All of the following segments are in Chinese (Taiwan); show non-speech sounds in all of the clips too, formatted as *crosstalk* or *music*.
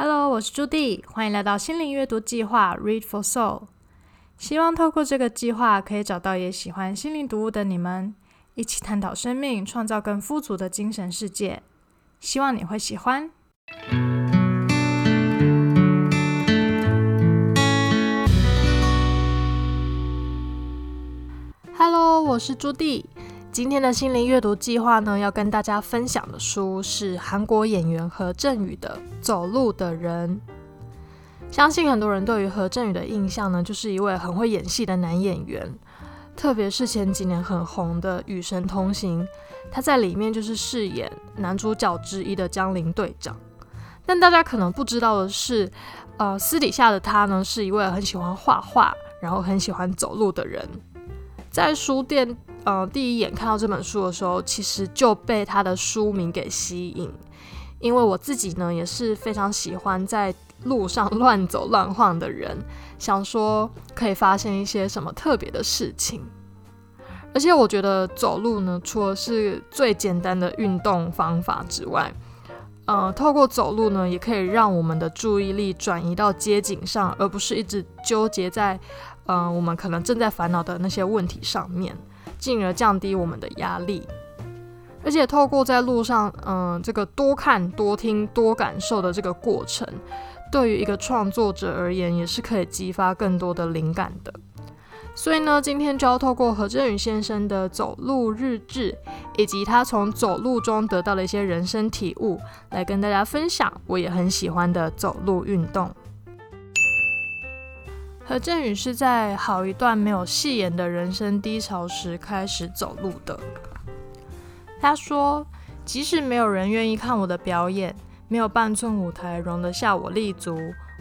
Hello，我是朱迪，歡迎來到心靈閱讀計劃 Read for Soul。希望透過這個計劃，可以找到也喜歡心靈讀物的你們，一起探討生命，創造更富足的精神世界。希望你會喜歡。Hello，我是朱迪。今天的心靈閱讀計劃呢，要跟大家分享的書是韓國演員河正宇的《走路的人》。相信很多人對於河正宇的印象呢，就是一位很會演戲的男演員，特別是前幾年很紅的《與神同行》，他在裡面就是飾演男主角之一的江林隊長。但大家可能不知道的是，呃，私底下的他呢，是一位很喜歡畫畫，然後很喜歡走路的人，在書店。嗯、呃，第一眼看到這本書的時候，其實就被它的書名給吸引，因為我自己呢也是非常喜歡在路上亂走亂晃的人，想說可以發現一些什麼特別的事情。而且我覺得走路呢，除了是最簡單的運動方法之外，呃，透過走路呢，也可以讓我們的注意力轉移到街景上，而不是一直糾結在呃我們可能正在煩惱的那些問題上面。進而降低我們的壓力，而且透過在路上，嗯、呃，這個多看、多聽、多感受的這個過程，對於一個創作者而言，也是可以激發更多的靈感的。所以呢，今天就要透過河正宇先生的走路日誌，以及他從走路中得到的一些人生體悟，來跟大家分享，我也很喜歡的走路運動。何正宇是在好一段沒有戲演的人生低潮時開始走路的。他說：“即使沒有人願意看我的表演，沒有半寸舞台容得下我立足，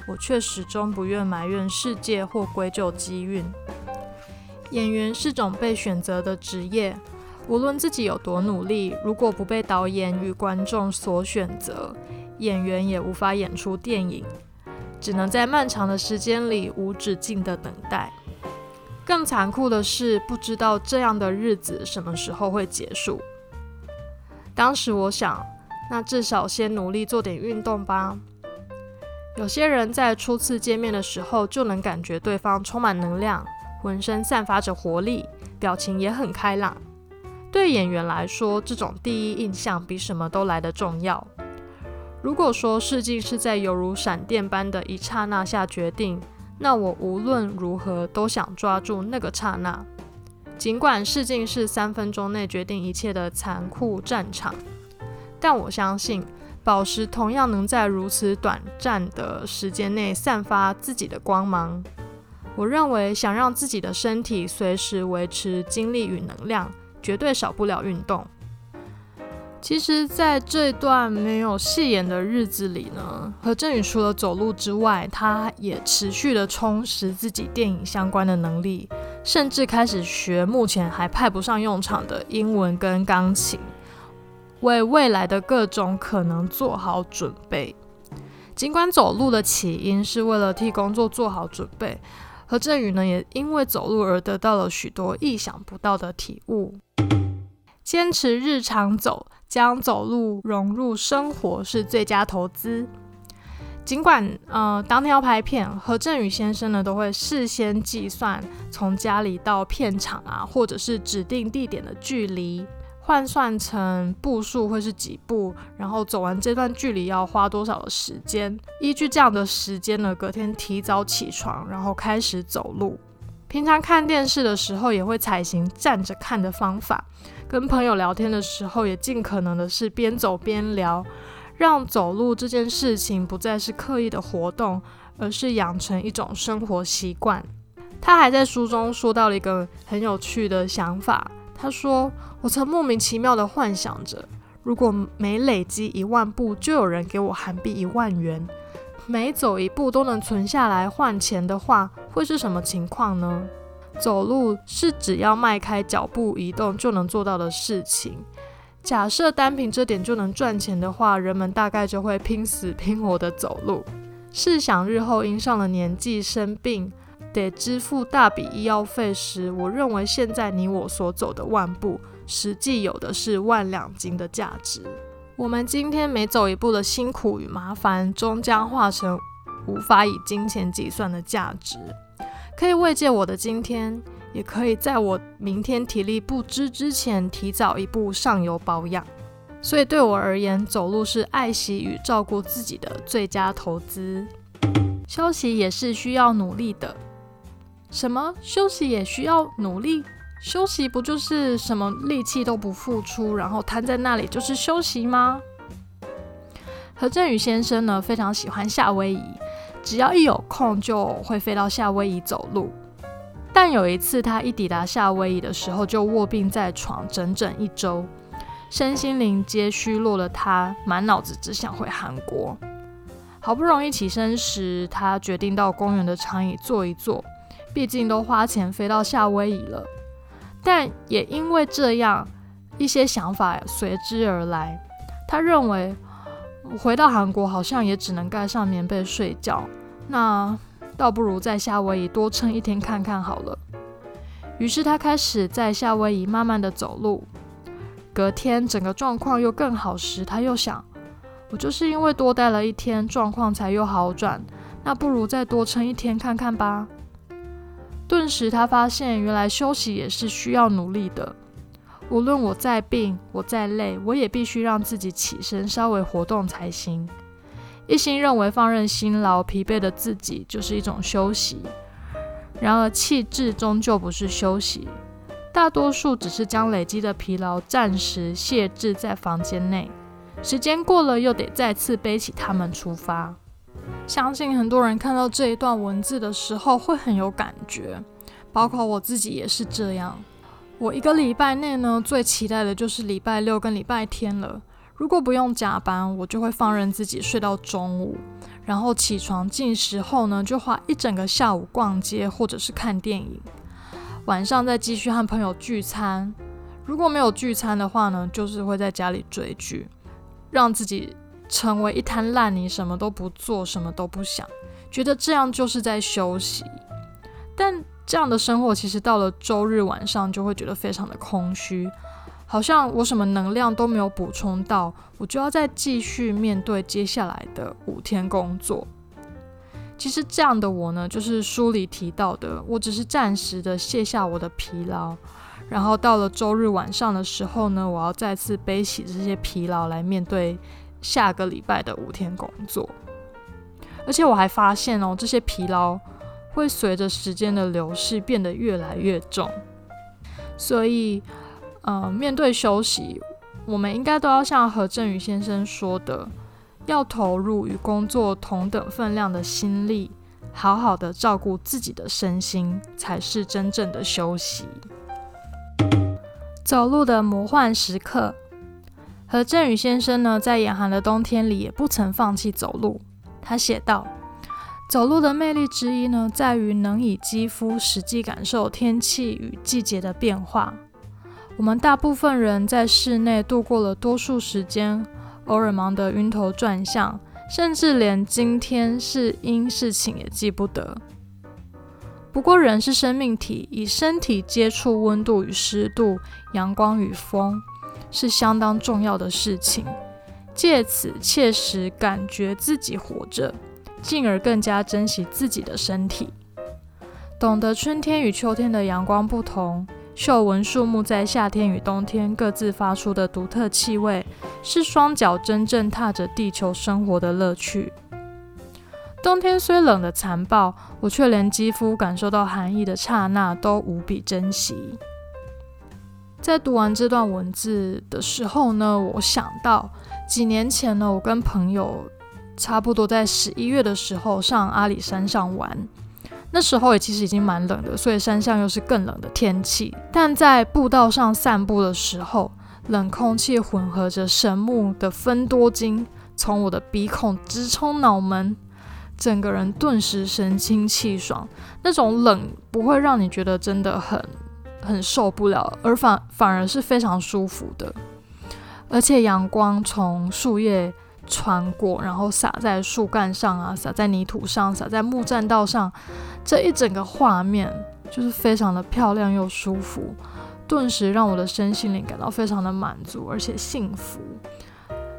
我卻始終不願埋怨世界或歸咎機運。演員是種被選擇的職業，無論自己有多努力，如果不被導演與觀眾所選擇，演員也無法演出電影。”只能在漫長的時間裡無止境地等待。更殘酷的是，不知道這樣的日子什麼時候會結束。當時我想，那至少先努力做點運動吧。有些人在初次見面的時候就能感覺對方充滿能量，渾身散發着活力，表情也很開朗。對演員來說，這種第一印象比什麼都來得重要。如果說試鏡是在猶如閃電般的一剎那下決定，那我無論如何都想抓住那個剎那。儘管試鏡是三分鐘內決定一切的殘酷戰場，但我相信寶石同樣能在如此短暫的時間內散發自己的光芒。我認為想讓自己的身體隨時維持精力與能量，絕對少不了運動。其實，在這段沒有戲演的日子裡呢，河正宇除了走路之外，他也持續的充實自己電影相關的能力，甚至開始學目前還派不上用場的英文跟鋼琴，為未來的各種可能做好準備。儘管走路的起因是為了替工作做好準備，河正宇呢也因為走路而得到了許多意想不到的體悟。堅持日常走，將走路融入生活是最佳投資。儘管呃，當天要拍片，河正宇先生呢都會事先計算從家裡到片場啊，或者是指定地點的距離，換算成步數會是幾步，然後走完這段距離要花多少的時間。依據這樣的時間呢，隔天提早起床，然後開始走路。平常看電視的時候也會採行站着看的方法，跟朋友聊天的時候也盡可能的是邊走邊聊，讓走路這件事情不再是刻意的活動，而是養成一種生活習慣。他還在書中說到了一個很有趣的想法，他說：“我曾莫名其妙地幻想着，如果每累積一萬步，就有人給我韓幣一萬元。”每走一步都能存下來換錢的話，會是什麼情況呢？走路是只要邁開腳步移動就能做到的事情。假設單憑這點就能賺錢的話，人們大概就會拼死拼活地走路。試想日後因上了年紀生病，得支付大筆醫藥費時，我認為現在你我所走的萬步，實際有的是萬兩金的價值。我們今天每走一步的辛苦與麻煩，終將化成無法以金錢計算的價值，可以慰藉我的今天，也可以在我明天體力不支之前，提早一步上游保養。所以對我而言，走路是愛惜與照顧自己的最佳投資。休息也是需要努力的。什麼？休息也需要努力？休息不就是什麼力氣都不付出，然後癱在那裡就是休息嗎？河正宇先生呢，非常喜歡夏威夷，只要一有空就會飛到夏威夷走路。但有一次他一抵達夏威夷的時候，就臥病在床整整一周，身心靈皆虛弱的他，他滿腦子只想回韓國。好不容易起身時，他決定到公園的長椅坐一坐，畢竟都花錢飛到夏威夷了。但也因為這樣，一些想法隨之而來。他認為回到韓國好像也只能蓋上棉被睡覺，那倒不如在夏威夷多撐一天看看好了。於是他開始在夏威夷慢慢地走路。隔天整個狀況又更好時，他又想：我就是因為多待了一天，狀況才又好轉，那不如再多撐一天看看吧。頓時，他發現原來休息也是需要努力的。無論我再病，我再累，我也必須讓自己起身，稍微活動才行。一心認為放任辛勞、疲憊的自己就是一種休息，然而棄置終究不是休息，大多數只是將累積的疲勞暫時卸置在房間內，時間過了又得再次背起他們出發。相信很多人看到這一段文字的時候，會很有感覺，包括我自己也是這樣。我一個禮拜內呢，最期待的就是禮拜六跟禮拜天了。如果不用加班，我就會放任自己睡到中午，然後起床進食後呢，就花一整個下午逛街或者是看電影，晚上再繼續和朋友聚餐。如果沒有聚餐的話呢，就是會在家裡追劇，讓自己。成為一灘爛泥，什麼都不做，什麼都不想，覺得這樣就是在休息。但這樣的生活，其實到了周日晚上就會覺得非常的空虛，好像我什麼能量都沒有補充到，我就要再繼續面對接下來的五天工作。其實這樣的我呢，就是書裡提到的，我只是暫時的卸下我的疲勞，然後到了周日晚上的時候呢，我要再次背起這些疲勞來面對。下個禮拜的五天工作，而且我還發現哦，這些疲勞會隨着時間的流逝變得越來越重。所以，嗯、呃，面對休息，我們應該都要像河正宇先生說的，要投入與工作同等分量的心力，好好的照顧自己的身心，才是真正的休息。走路的魔幻時刻。河正宇先生呢，在嚴寒的冬天裡也不曾放棄走路。他寫道：“走路的魅力之一呢，在於能以肌膚實際感受天氣與季節的變化。我們大部分人在室內度過了多數時間，偶爾忙得暈頭轉向，甚至連今天是陰是晴也記不得。不過，人是生命體，以身體接觸溫度與濕度、陽光與風。”是相當重要的事情，借此切實感覺自己活着，進而更加珍惜自己的身體。懂得春天與秋天的陽光不同，嗅聞樹木在夏天與冬天各自發出的獨特氣味，是雙腳真正踏着地球生活的樂趣。冬天雖冷得殘暴，我卻連肌膚感受到寒意的剎那都無比珍惜。在讀完這段文字的時候呢，我想到幾年前呢，我跟朋友差不多在十一月的時候上阿里山上玩，那時候也其實已經蠻冷的，所以山上又是更冷的天氣。但在步道上散步的時候，冷空氣混合着神木的芬多精，從我的鼻孔直衝腦門，整個人頓時神清氣爽。那種冷不會讓你覺得真的很。很受不了，而反反而是非常舒服的。而且陽光從樹葉穿過，然後灑在樹幹上啊，灑在泥土上，灑在木棧道上，這一整個畫面就是非常的漂亮又舒服，頓時讓我的身心靈感到非常的滿足，而且幸福。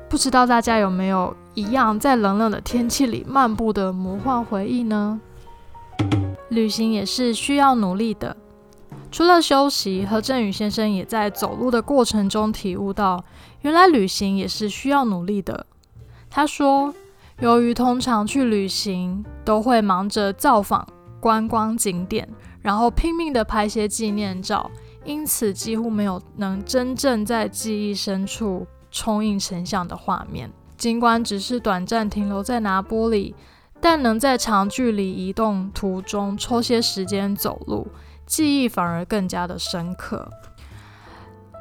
不知道大家有沒有一樣在冷冷的天氣裡漫步的魔幻回憶呢？旅行也是需要努力的。除了休息，何振宇河正宇先生也在走路的過程中體悟到，原來旅行也是需要努力的。他說，由於通常去旅行都會忙着造訪觀光景點，然後拼命的拍些紀念照，因此幾乎沒有能真正在記憶深處沖印成像的畫面。儘管只是短暫停留在拿坡里，但能在長距離移動途中抽些時間走路，記憶反而更加的深刻。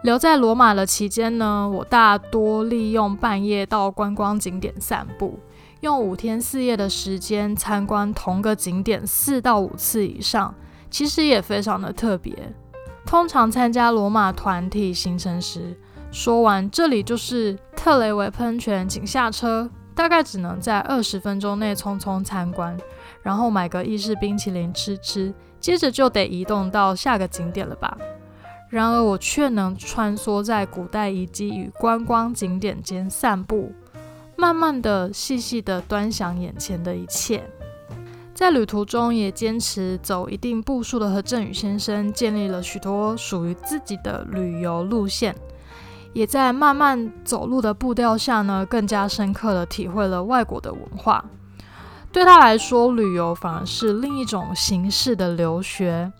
留在羅馬的期間呢，我大多利用半夜到觀光景點散步，用五天四夜的時間參觀同個景點四到五次以上，其實也非常的特別。通常參加羅馬團體行程時，說完這裡就是特雷維噴泉，請下車，大概只能在二十分鐘內匆匆參觀，然後買個意式冰淇淋吃吃。接着就得移動到下個景點了吧？然而我卻能穿梭在古代遺跡與觀光景點間散步，慢慢的、細細的端詳眼前的一切。在旅途中也堅持走一定步數的河正宇先生建立了許多屬於自己的旅遊路線，也在慢慢走路的步調下呢，更加深刻的體會了外國的文化。對他來說，旅遊反而是另一種形式的留學。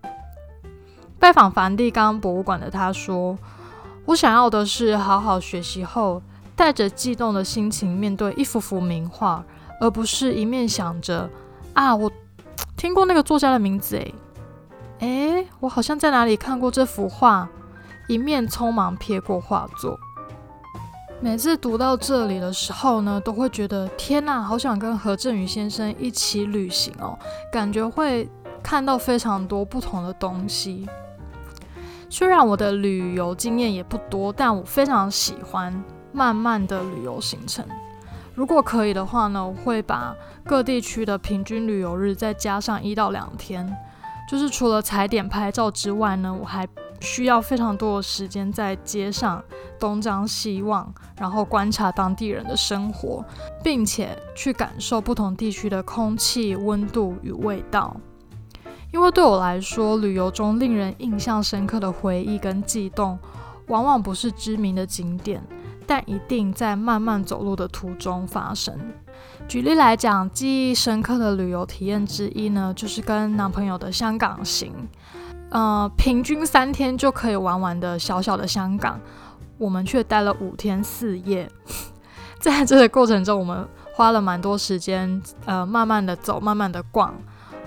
拜訪梵蒂岡博物館的他說：“我想要的是好好學習後，帶着悸動的心情面對一幅幅名畫，而不是一面想着‘啊，我聽過那個作家的名字’，誒，誒，我好像在哪裡看過這幅畫，一面匆忙撇過畫作。”每次讀到這裡的時候呢，都會覺得天哪，好想跟河正宇先生一起旅行哦，感覺會看到非常多不同的東西。雖然我的旅遊經驗也不多，但我非常喜歡慢慢的旅遊行程。如果可以的話呢，我會把各地區的平均旅遊日再加上一到兩天，就是除了踩點拍照之外呢，我還需要非常多的時間在街上東張西望，然後觀察當地人的生活，並且去感受不同地區的空氣、溫度與味道。因為對我來說，旅遊中令人印象深刻的回憶跟悸動，往往不是知名的景點，但一定在慢慢走路的途中發生。舉例來講，記憶深刻的旅遊體驗之一呢，就是跟男朋友的香港行。呃，平均三天就可以玩完的小小的香港，我們卻待了五天四夜。 *laughs* 在這個過程中，我們花了蠻多時間，呃，慢慢的走，慢慢的逛。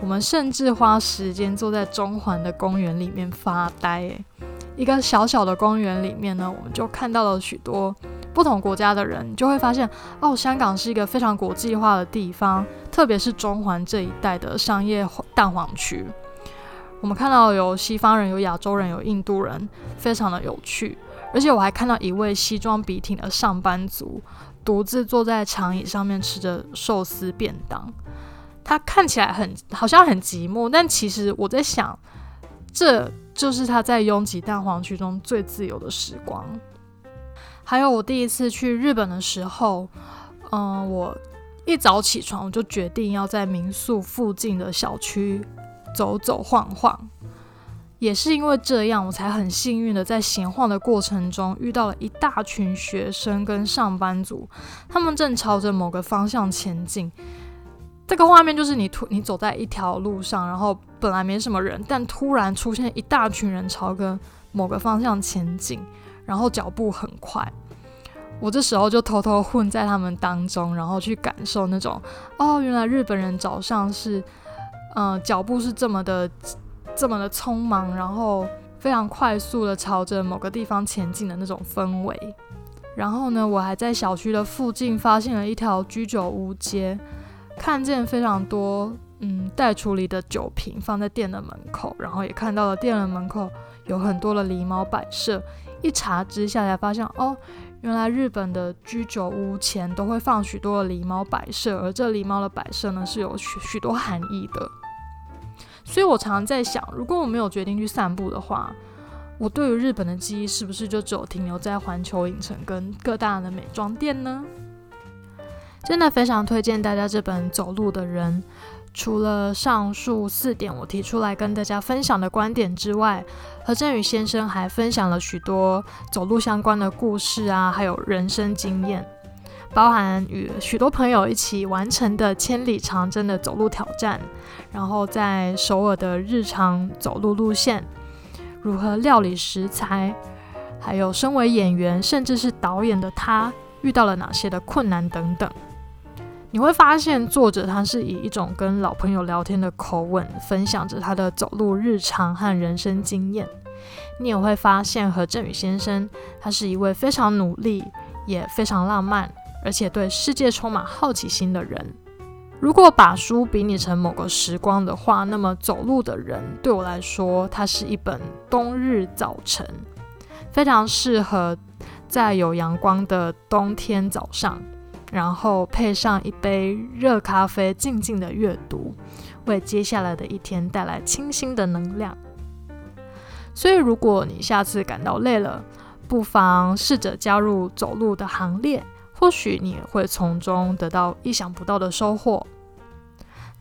我們甚至花時間坐在中環的公園裡面發呆，欸。一個小小的公園裡面呢，我們就看到了許多不同國家的人，就會發現哦，香港是一個非常國際化的地方，特別是中環這一帶的商業蛋黃區。我們看到有西方人，有亞洲人，有印度人，非常的有趣。而且我還看到一位西裝筆挺的上班族，獨自坐在長椅上面吃着壽司便當。他看起來很好像很寂寞，但其實我在想，這就是他在擁擠蛋黃區中最自由的時光。還有我第一次去日本的時候，嗯、呃，我一早起床，我就決定要在民宿附近的小區。走走晃晃，也是因為這樣，我才很幸運的在閒晃的過程中遇到了一大群學生跟上班族，他們正朝着某個方向前進。這個畫面就是你突你走在一條路上，然後本來沒什麼人，但突然出現一大群人朝著某個方向前進，然後腳步很快。我這時候就偷偷混在他們當中，然後去感受那種哦，原來日本人早上是。嗯，腳、呃、步是這麼的，這麼的匆忙，然後非常快速的朝着某個地方前進的那種氛圍。然後呢，我還在小區的附近發現了一條居酒屋街，看見非常多，嗯，待處理的酒瓶放在店的門口，然後也看到了店的門口有很多的狸貓擺設。一查之下才發現哦。原來日本的居酒屋前都會放許多的狸貓擺設，而這狸貓的擺設呢，是有許許多多含義的。所以我常常在想，如果我沒有決定去散步的話，我對於日本的記憶是不是就只有停留在環球影城跟各大的美妝店呢？真的非常推薦大家這本《走路的人》。除了上述四點我提出來跟大家分享的觀點之外，河正宇先生還分享了許多走路相關的故事啊，還有人生經驗，包含與許多朋友一起完成的千里長征的走路挑戰，然後在首爾的日常走路路線，如何料理食材，還有身為演員甚至是導演的他遇到了哪些的困難等等。你會發現，作者他是以一種跟老朋友聊天的口吻，分享着他的走路日常和人生經驗。你也會發現，河正宇先生他是一位非常努力、也非常浪漫，而且對世界充滿好奇心的人。如果把書比擬成某個時光的話，那麼《走路的人》對我來說，它是一本冬日早晨，非常適合在有陽光的冬天早上。然後配上一杯熱咖啡，靜靜的閱讀，為接下來的一天帶來清新的能量。所以，如果你下次感到累了，不妨試着加入走路的行列，或許你會從中得到意想不到的收穫。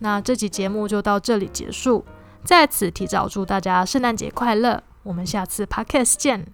那這期節目就到這裡結束，在此提早祝大家聖誕節快樂，我們下次 Podcast 見。